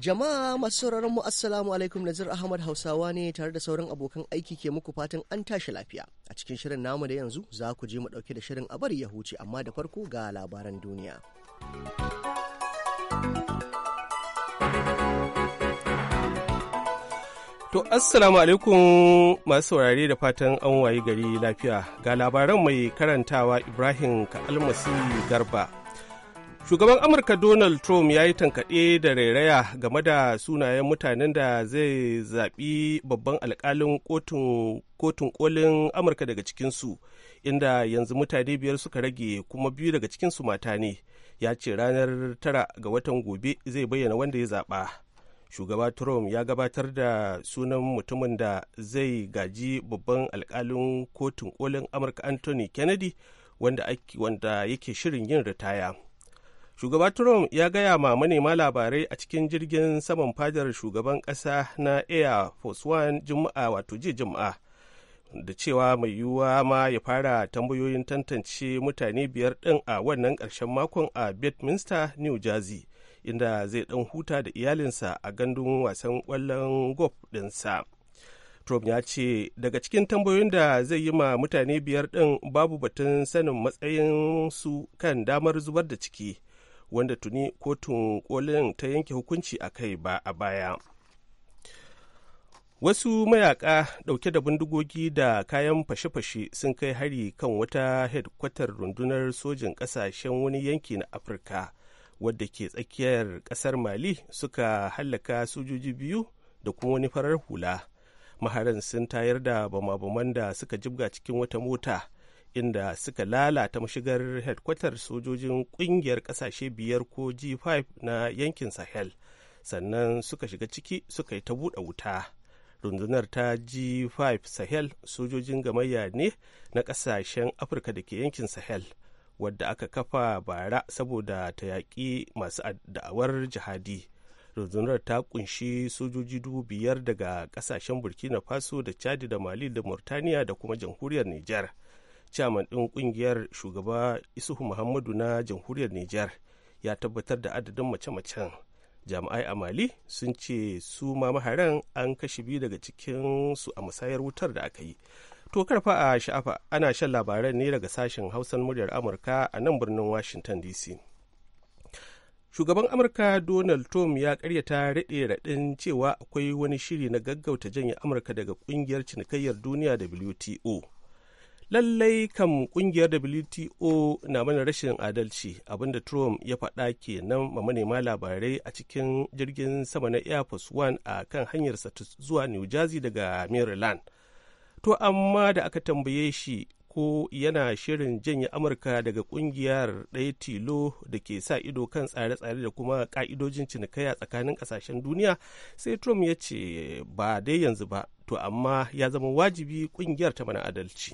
Jama'a masu sauraron mu assalamu alaikum Nazir Ahmad Hausawa ne tare da sauran abokan aiki ke muku fatan an tashi lafiya. A cikin shirin namu da yanzu za ku je mu ɗauke da shirin abar ya huce amma da farko ga labaran duniya. To assalamu alaikum masu saurare da fatan an wayi gari lafiya ga labaran mai karantawa Ibrahim Kalmasi Garba. shugaban amurka donald trump ya yi tankaɗe da rairaya game da sunayen mutanen da zai zaɓi babban alƙalin kotun kolin amurka daga cikinsu inda yanzu mutane biyar suka rage kuma biyu daga cikinsu mata ne ya ce ranar tara ga watan gobe zai bayyana wanda ya zaɓa shugaba trump ya gabatar da sunan mutumin da zai gaji babban alƙalin kotun kolin amurka anthony kennedy wanda yake shirin yin ritaya. shugaba trump ya gaya ma manema labarai a cikin jirgin saman fadar shugaban kasa na air force one juma'a wato jiya juma'a da cewa mai yiwuwa ma ya fara tambayoyin tantance mutane biyar din a wannan karshen makon a bedminster new jersey inda zai ɗan huta da iyalinsa a gandun wasan kwallon golf dinsa trump ya ce daga cikin tambayoyin da zai yi ma mutane biyar din babu batun sanin matsayin su kan damar zubar da ciki wanda tuni kotun kolin ta yanke hukunci a kai ba a baya wasu mayaka dauke da bindigogi da kayan fashe-fashe sun kai hari kan wata hedkwatar rundunar sojin kasashen wani yanki na afirka wadda ke tsakiyar kasar mali suka hallaka sojoji biyu da kuma wani farar hula maharan sun tayar da bama-baman da suka jibga cikin wata mota inda suka lalata mashigar hedkwatar sojojin kungiyar kasashe biyar ko g5 na yankin sahel sannan suka shiga ciki suka yi ta buɗe wuta rundunar ta g5 sahel sojojin gamayya ne na kasashen afirka da ke yankin sahel wadda aka kafa bara saboda ta yaƙi masu da'awar jihadi rundunar ta kunshi sojoji dubu biyar daga kasashen burkina faso da chadi da mali da murtaniya da kuma jamhuriyar niger Chairman ɗin ƙungiyar shugaba Isuhu Muhammadu na jamhuriyar Niger ya tabbatar da adadin mace-macen. Jami'ai a Mali sun ce su ma maharan an kashe biyu daga cikin su a musayar wutar da aka yi. To karfa a sha'afa ana shan labaran ne daga sashen Hausan muryar Amurka a nan birnin Washington DC. Shugaban Amurka Donald Trump ya karyata raɗe raɗin cewa akwai wani shiri na gaggauta janye Amurka daga ƙungiyar cinikayyar duniya WTO. lallai kan kungiyar wto na mana rashin adalci abinda trump ya faɗa kenan ma manema labarai a cikin jirgin sama na air force one a kan hanyarsa zuwa new jersey daga maryland to amma da aka tambaye shi ko yana shirin janye amurka daga kungiyar ɗaya tilo da ke sa ido kan tsare-tsare da kuma ƙa'idojin cinikaya tsakanin ƙasashen duniya sai trump ya ce ba dai yanzu ba to amma ya zama wajibi kungiyar ta mana adalci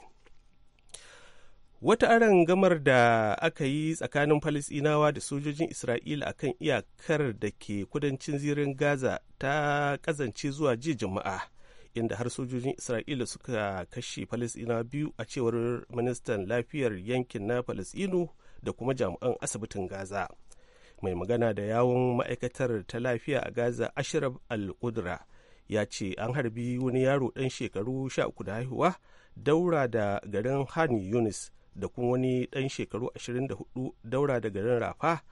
wata arangamar gamar da aka yi tsakanin falisinawa da sojojin isra'ila a kan iyakar da ke kudancin zirin gaza ta kazance zuwa jiya jama'a, inda har sojojin isra'ila suka kashe falisinawa biyu a cewar ministan lafiyar yankin na falisinu da kuma jami'an asibitin gaza mai magana da yawon ma'aikatar ta lafiya a gaza ashraf al-qudra ya ce an harbi wani yaro ɗan shekaru sha uku da haihuwa daura da garin Hani yunis da kuma wani ɗan shekaru 24 daura da garin rafa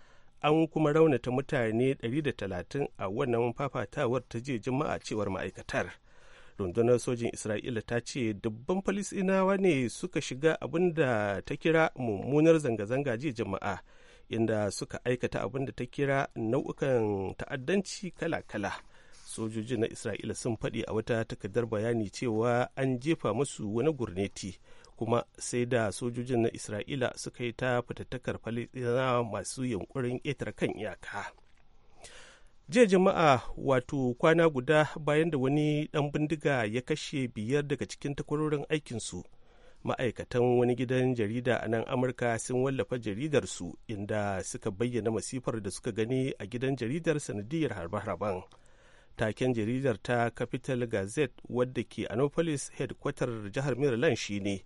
an kuma raunata mutane 130 a wannan fafatawar ta je jima'a cewar ma'aikatar rundunar sojin isra'ila ta ce dubban falisinawa ne suka shiga abin da ta kira mummunar zanga-zanga je jama'a inda suka aikata abin da ta kira nau'ukan ta'addanci kala-kala sojoji na isra'ila sun faɗi a wata takardar bayani cewa an jefa musu wani gurneti kuma sai da sojojin na isra'ila suka yi ta fitattakar falistina masu yunkurin ƙetare kan iyaka jiya jama'a wato kwana guda bayan da wani ɗan bindiga ya kashe biyar daga cikin takwarorin aikinsu ma'aikatan wani gidan jarida a nan amurka sun wallafa jaridarsu inda suka bayyana masifar da suka gani a gidan jaridar sanadiyar harbe harban taken jaridar ta capital gazette wadda ke anopolis headquarter jihar maryland shine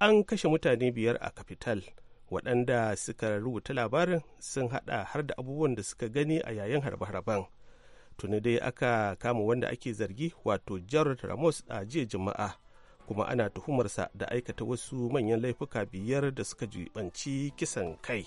an kashe mutane biyar a kapital waɗanda suka rubuta labarin sun haɗa har da abubuwan da suka gani a yayin harbe-harben tuni dai aka kama wanda ake zargi wato jared ramos a jiya juma'a kuma ana tuhumarsa da aikata wasu manyan laifuka biyar da suka jibanci kisan kai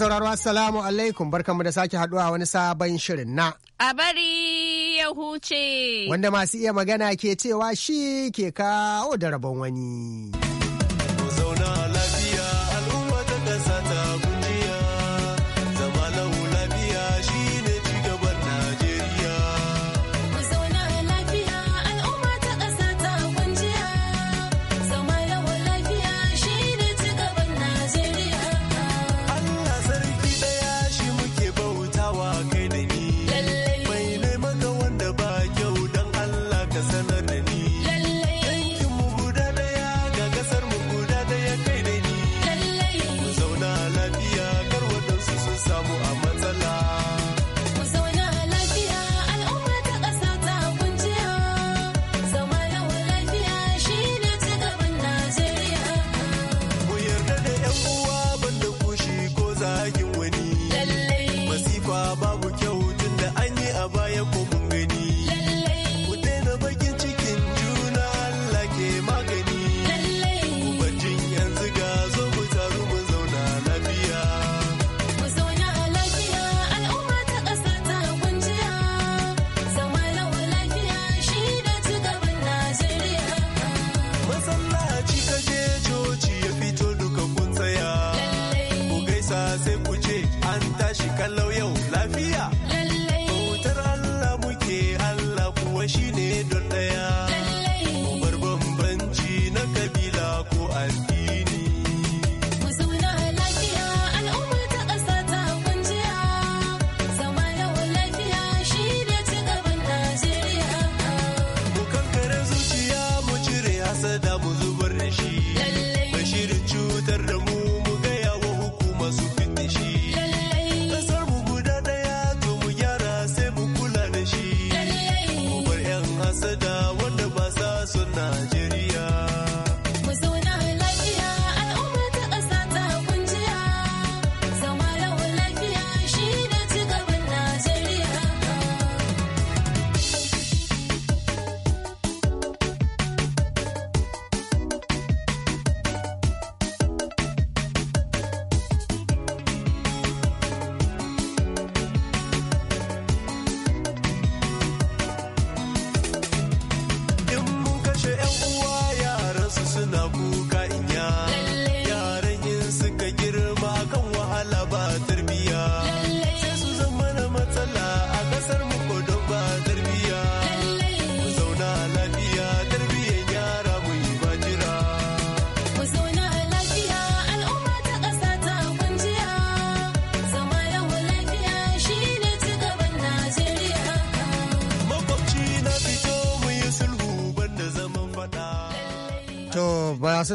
sauraro assalamu alaikum barkanmu da sake haduwa wani sabon shirin na. A bari ya huce. Wanda masu iya magana ke cewa shi ke kawo da rabon wani. sai ku ce an tashi kallau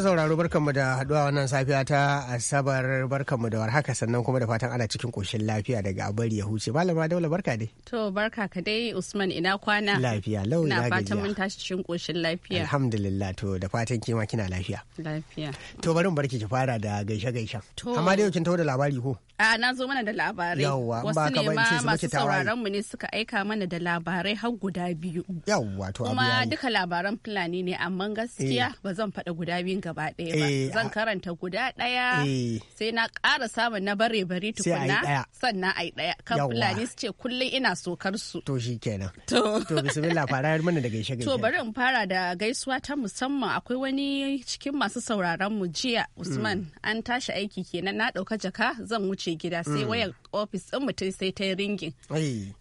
sauraro barkanmu da haduwa wannan safiya ta asabar barkanmu da warhaka sannan kuma da fatan ana cikin koshin lafiya daga abari ya huce malama daula barka dai to barka ka dai usman ina kwana lafiya lau ina fatan mun tashi cikin koshin lafiya alhamdulillah to da fatan kima kina lafiya lafiya to bari mu barki ki fara da gaishe gaishen amma dai kin tawo da labari ko a na zo mana da labarai yawwa wasu ne ma masu sauraron mu ne suka aika mana da labarai har guda biyu yawwa to kuma duka labaran fulani ne amma gaskiya eh. ba zan faɗa guda biyun gaba gaba ɗaya ba eh, zan karanta guda ɗaya eh. sai na ƙara samun na bare bare tukuna sannan ai ɗaya kan fulani su ce kullum ina sokar su to shi kenan to bismillah fara mana da gaishe to bari in fara da gaisuwa ta musamman akwai wani cikin masu sauraron mu jiya Usman mm. an tashi aiki kenan na ɗauka jaka zan wuce gida sai mm. wayar ofis ɗin mutum sai ta ringin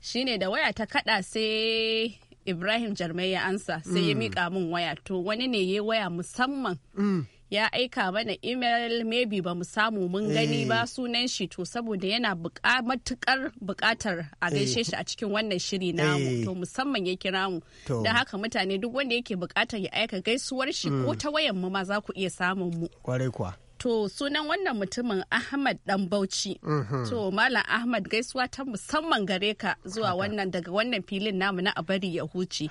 shine da waya ta kaɗa sai ibrahim jarmai ya ansa sai ya mm. mika min waya to wani ne ya waya musamman mm. ya aika mana email maybe ba mu samu mun gani ba eh. sunan shi to saboda yana matukar bukatar a eh. gaishe shi a cikin wannan shiri namu eh. to musamman ya kira mu don haka mutane duk wanda yake bukatar ya aika gaisuwar shi ko mm. ta wayan mu ma za ku iya samun mu To sunan wannan mutumin Ahmad Dan Bauchi. Mhm. To Malam Ahmad gaisuwa ta musamman gare ka zuwa wannan daga wannan filin namu na abari ya huce.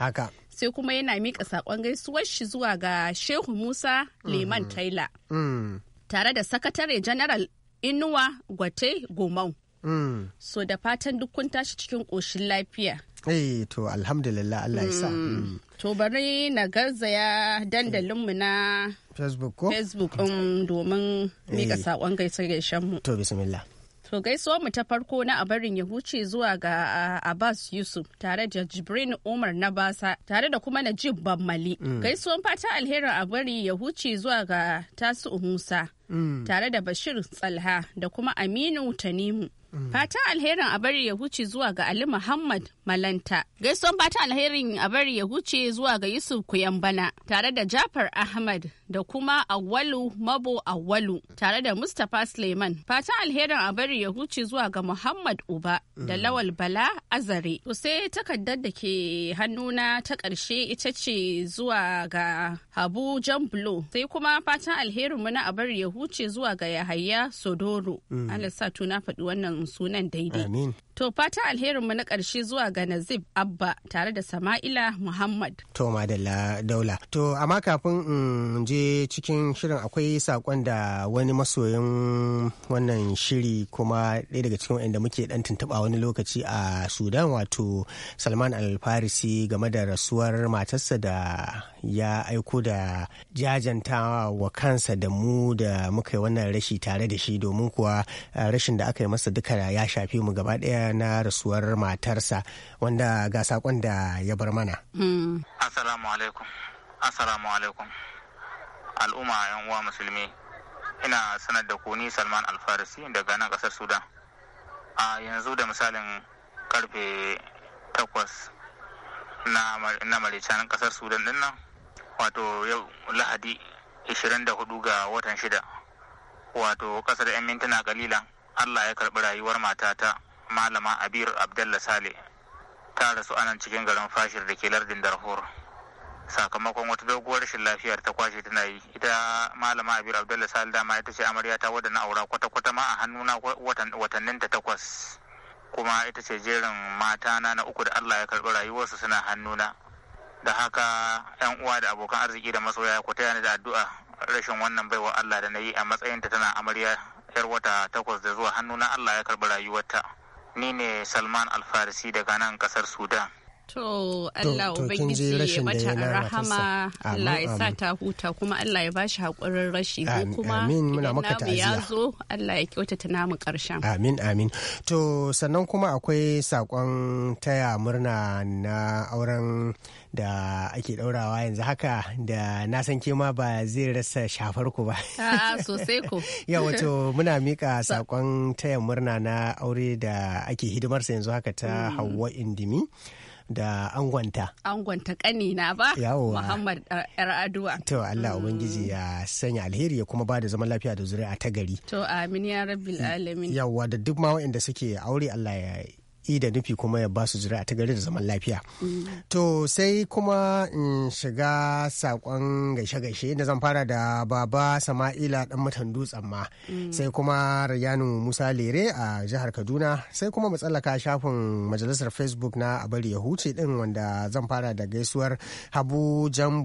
Sai kuma yana mika sakon gaisuwar shi zuwa ga Shehu Musa mhm. Liman Taila mm. Tare da Sakatare General Inuwa Gwate Gomau. Mm. so da fatan duk kun tashi cikin ƙoshin lafiya eh to alhamdulillah Allah ya sa mm. Mm. to bari na garzaya dandalinmu na facebook ko facebook domin mika eh. saƙon gaisa gaishen mu to bismillah To gaisuwar mu ta farko na abarin ya huce zuwa ga ah, Abbas Yusuf tare da Jibrin Umar na Basa tare da kuma Najib Bammali. Gaisuwar fata alherin a ya huce zuwa ga Tasu Musa tare da Bashir Tsalha da kuma Aminu Tanimu. Fatan alherin a bari ya huce zuwa ga Ali Muhammad Malanta. Gaisuwan fatan alherin a bari ya huce zuwa ga Yusuf Kuyambana tare da Jafar Ahmad da kuma Awalu Mabo Awalu. tare da Mustapha Suleiman. Fatan alherin a bari ya huce zuwa ga Muhammad Uba da mm. Lawal Bala Azare. To sai takardar da ke hannuna ta ƙarshe ita ce zuwa ga Habu bulo Sai kuma fatan alherin mu na a bari ya huce zuwa ga Yahaya Sodoro. Mm. Allah sa tuna faɗi wannan samun sunan daidai To fata alherinmu na karshe zuwa ga Nazib Abba tare da Sama'ila Muhammad. To Madalla Daula. To amma kafin in je cikin shirin akwai saƙon da wani masoyin wannan shiri kuma ɗaya daga cikin wanda muke ɗan tuntuɓa wani lokaci a Sudan wato Salman Alfarisi game da rasuwar matarsa da ya aiko da jajantawa wa kansa da mu da muka yi wannan rashi tare da shi domin kuwa eh, rashin da aka yi masa duka ya shafe mu gaba ɗaya na rasuwar matarsa wanda ga sakon da ya bar mana. Hmm. Assalamu alaikum. Assalamu alaikum. Al'umma yan uwa musulmi. Ina sanar da kuni Salman Alfarisi daga nan kasar Sudan. A yanzu da misalin karfe takwas na maricanin kasar Sudan din nan wato yau Lahadi 24 ga watan shida wato ƙasar 'yan mintuna kalilan Allah ya karɓi rayuwar matata malama abir abdallah sale ta rasu anan cikin garin fashir da ke lardin darfur sakamakon wata doguwar rashin lafiyar ta kwashe tana yi ita malama abir abdullah sale dama ita ce amarya ta wadda na aura kwata kwata ma a hannuna watannin ta takwas kuma ita ce jerin mata na na uku da allah ya karɓi rayuwarsu suna hannuna da haka yan uwa da abokan arziki da masoya ku taya ni da addu'a rashin wannan baiwa allah da na yi a matsayinta tana amarya yar wata takwas da zuwa hannuna allah ya karɓi rayuwarta ni ne salman alfarisi daga nan kasar sudan To Allah Ubangiji ya mata rahama Allah ya sa ta huta kuma Allah ya ba shi haƙurin rashi kuma amin muna maka ta'aziya ya zo Allah ya kyautata namu ƙarshen amin amin to sannan kuma akwai sakon taya murna na auren da ake ɗaurawa yanzu haka da na san ke ma ba zai rasa shafar ku ba ah, sosai ko Ya to muna mika sakon taya murna na aure da ake hidimarsa yanzu haka ta mm. Hauwa Indimi da angonta angonta kanina ba yawo muhammad uh, yar aduwa to allah mm. ubangiji ya sanya alheri ya kuma ba da zaman lafiya da zuri'a ta gari to amin ya rabbil mm. alamin Yawwa da duk ma waɗanda suke aure allah ya yi da nufi kuma ya ba su a ta gari da zaman lafiya mm. to sai kuma in shiga sakon gaishe-gaishe da zan fara da baba sama'ila ɗan mutan dutsen ma mm. sai kuma rayanu musa lere a jihar kaduna sai kuma matsalaka shafin majalisar facebook na abari ya huce din wanda zan fara da gaisuwar habu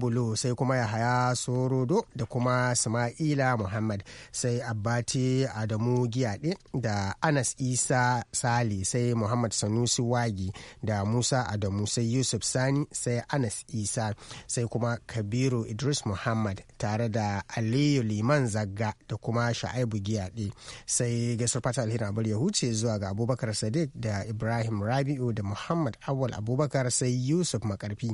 bulo sai kuma yahaya sorodo da kuma sama'ila muhammad sai abati adamu giyaɗe da anas isa sali sai muhammad Muhammad Sanusi Wagi da Musa Adamu sai Yusuf Sani sai Anas Isa sai kuma Kabiru Idris Muhammad tare da Aliyu Liman Zagga da kuma Sha'aibu Giyaɗe sai Gasar Fata Alhina Abul ya huce zuwa ga Abubakar Sadiq da Ibrahim Rabi'u da Muhammad Awal Abubakar sai Yusuf Makarfi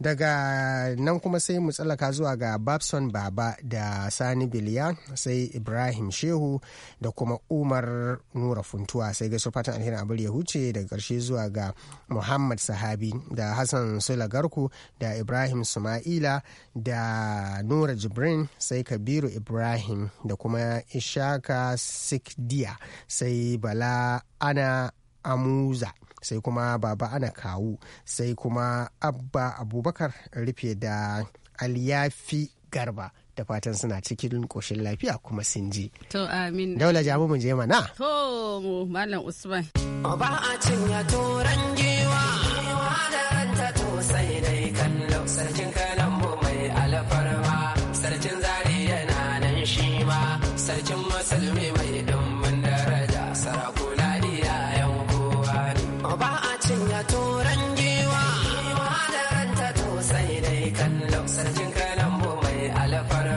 daga nan kuma sai mu tsallaka zuwa ga Babson Baba da Sani Biliya sai Ibrahim Shehu da kuma Umar Nura Funtuwa sai Gasar Fatan Alhina Abul ya huce ne daga ƙarshe zuwa ga muhammad sahabi da hassan sulagarku da ibrahim suma'ila da nura jibrin sai kabiru ibrahim da kuma ishaka sikdiya sai bala ana amuza sai kuma baba ana kawu sai kuma abba abubakar rufe da aliyafi garba da fatan suna cikin ƙoshin lafiya kuma sun ji. To amin. Daula jamu mu je mana. To mu Malam Usman. Ba a cinya turangi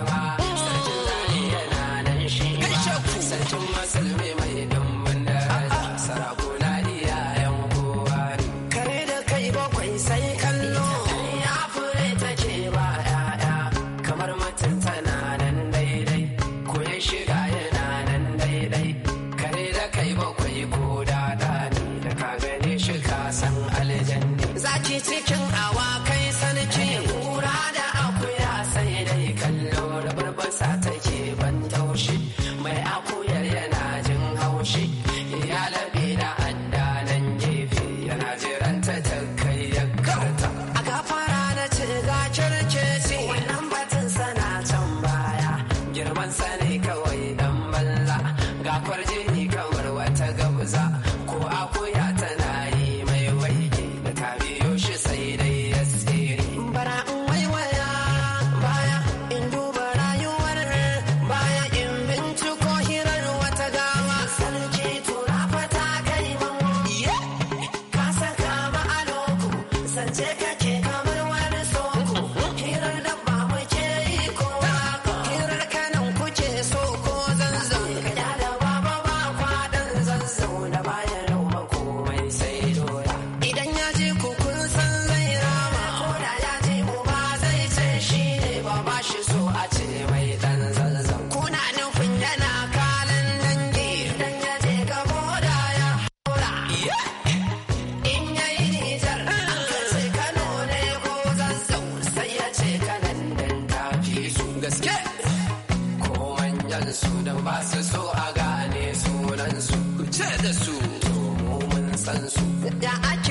Sarah. Yeah. I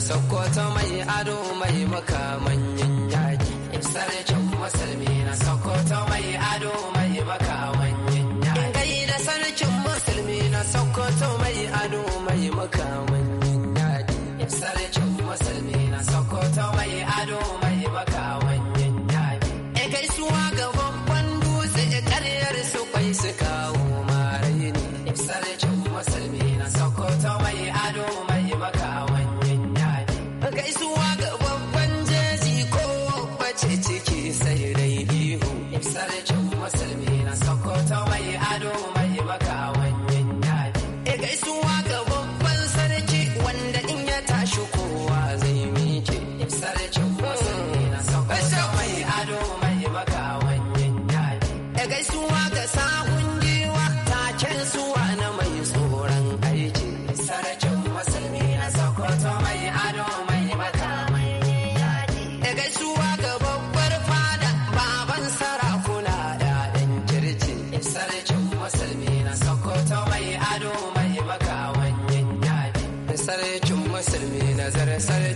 sokoto mai ado mai makamanyin yaki sarkin musulmi na sokoto sare sare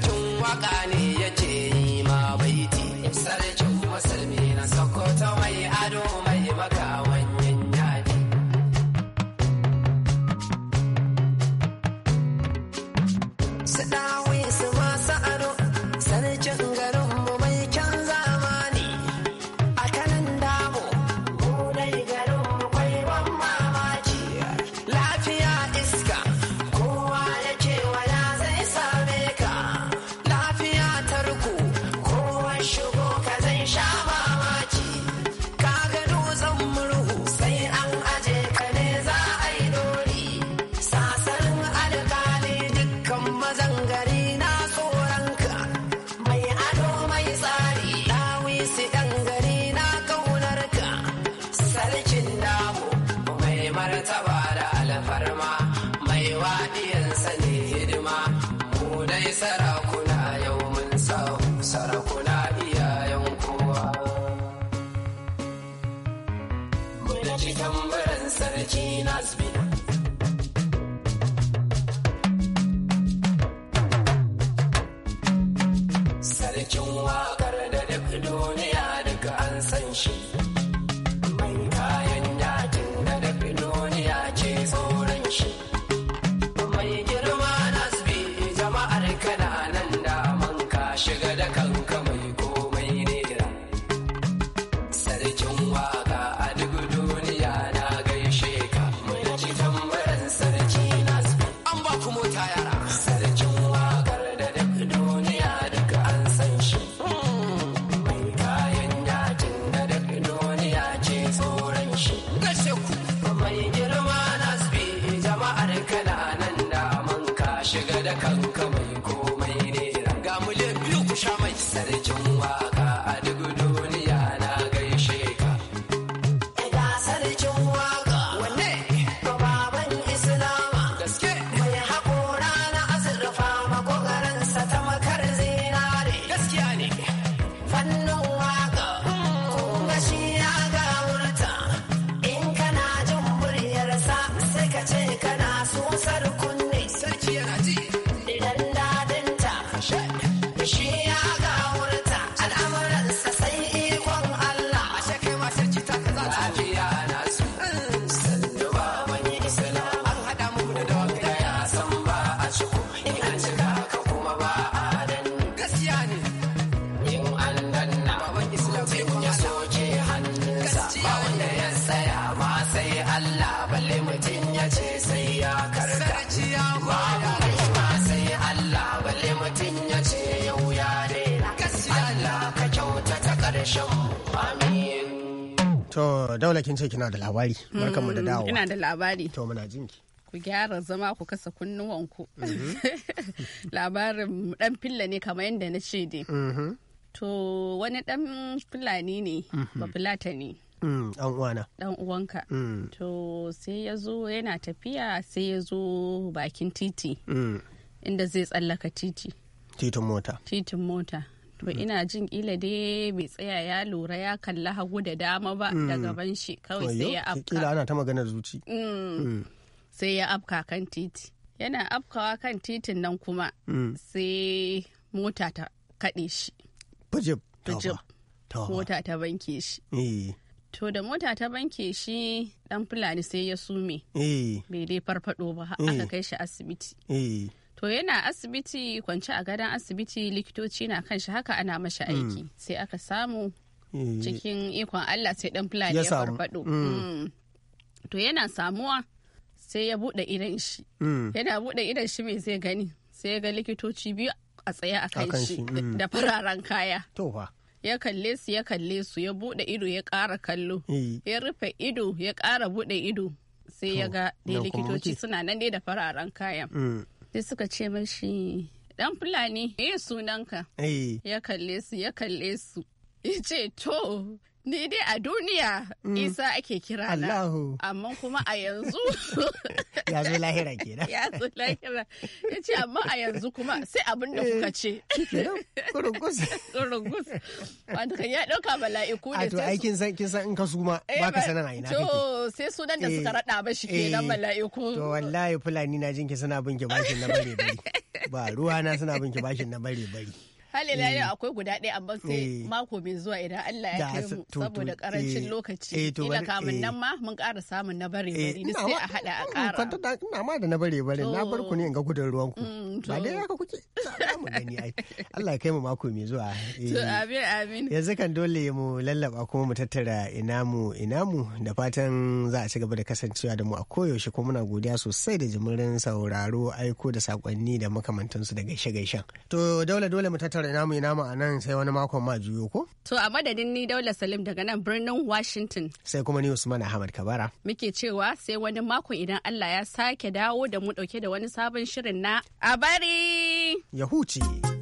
daula kin ce kina da labari barkanmu da mm, dawowa ina da labari to muna jinki ku gyara zama ku kasa kunnuwanku mm-hmm. labarin dan filla ne kamar yadda na ce dai mm-hmm. to wani dan fulani ne mm-hmm. ba filata ne dan mm, uwana dan uwanka mm. to sai ya zo yana tafiya sai ya zo bakin titi inda zai tsallaka titi titin mota titin mota to mm. ina jin ƙila dai bai tsaya ya lura ya kalla hagu da dama ba mm. daga ban shi kawai sai ya afka kila ana ta maganar zuci mm. sai ya afka kan titi yana afkawa kan titin nan kuma sai mota ta kaɗe shi bujib mota ta banke shi eh. to da mota ta banke shi dan fulani sai ya sume eh. bai dai farfado ba eh. aka kai shi asibiti to yana asibiti kwance a gadon asibiti likitoci na kan shi haka ana mashi hmm. aiki sai aka samu eh. cikin ikon Allah sai dan fulani ya farfado hmm. hmm. to yana samuwa sai ya bude idan shi yana bude idan shi mai zai gani sai ga likitoci biyu a tsaye a kan shi da fararen kaya to fa ya kalle su ya kalle su ya bude ido ya ƙara kallo eh. ya rufe ido ya ƙara bude ido sai ya ga likitoci suna nan dai da fararen kaya. sai suka ce mashi dan fulani me sunanka eh. ya kalle su ya kalle su ya ce to Ni dai a duniya mm. Isa ake kira na. Amma kuma a yanzu. Ya zo lahira ke Ya zo lahira. Ya ce amma a yanzu kuma sai abin da kuka ce. Eh, Kurungus. Kurungus. Wanda kan ya ɗauka mala'iku ne. A to aikin san kin san in ka suma eh, ba ka sanar a ina kake. To sai sunan da suka eh, raɗa ba shi kenan mala'iku. To wallahi Fulani na jinki suna bin ki bashin na bare bare. Ba ruwa na suna bin ki bashin na bare bare. halila yau eh. akwai guda ɗaya amma sai eh. mako mai zuwa idan Allah ya kai mu saboda karancin eh. lokaci ila kamun nan ma mun ƙara samun na bare bare sai a hada a mm, ƙara ina ma da na bare bare na bar ku ne in ga gudun ruwan ku mm, ba dai haka kuke mu gani ai Allah ya kai mu mako mai zuwa to amin amin yanzu kan dole mu lallaba kuma mu tattara ina mu ina mu da fatan za a ci gaba da kasancewa da mu a koyaushe kuma muna godiya sosai da jimirin sauraro aiko da sakonni da makamantansu da gaishe-gaishen to dole dole mu tattara tattara ina mu ina mu a nan sai wani makon ma juyo ko? To a madadin ni Daula Salim daga nan birnin Washington. Sai kuma ni Usman Ahmad Kabara. Muke cewa sai wani makon idan Allah ya sake dawo da mu dauke da wani sabon shirin na a bari. Yahuci. huce.